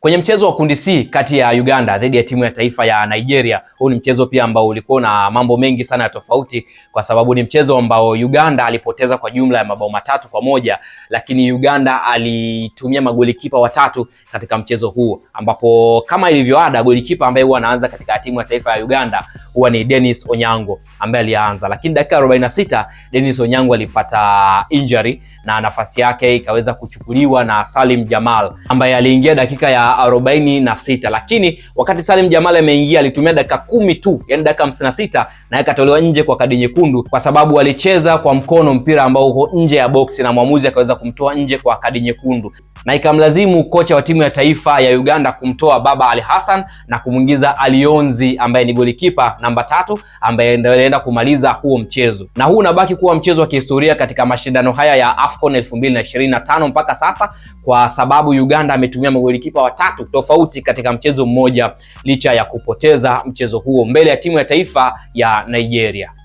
Kwenye mchezo wa kundi C kati ya Uganda dhidi ya timu ya taifa ya Nigeria, huu ni mchezo pia ambao ulikuwa na mambo mengi sana ya tofauti, kwa sababu ni mchezo ambao Uganda alipoteza kwa jumla ya mabao matatu kwa moja, lakini Uganda alitumia magolikipa watatu katika mchezo huu, ambapo kama ilivyo ada golikipa ambaye huwa anaanza katika timu ya taifa ya Uganda huwa ni Dennis Onyango ambaye alianza, lakini dakika 46 Dennis Onyango alipata injury na nafasi yake ikaweza kuchukuliwa na Salim Jamal ambaye aliingia dakika ya 46, lakini wakati Salim Jamal ameingia alitumia dakika kumi tu, yani dakika 56 na akatolewa nje kwa kadi nyekundu kwa sababu alicheza kwa mkono mpira ambao uko nje ya boksi na mwamuzi akaweza kumtoa nje kwa kadi nyekundu na ikamlazimu kocha wa timu ya taifa ya Uganda kumtoa Baba Ali Hassan na kumwingiza Alionzi ambaye ni golikipa namba tatu ambaye endaenda kumaliza huo mchezo, na huu unabaki kuwa mchezo wa kihistoria katika mashindano haya ya AFCON 2025 mpaka sasa, kwa sababu Uganda ametumia magolikipa watatu tofauti katika mchezo mmoja, licha ya kupoteza mchezo huo mbele ya timu ya taifa ya Nigeria.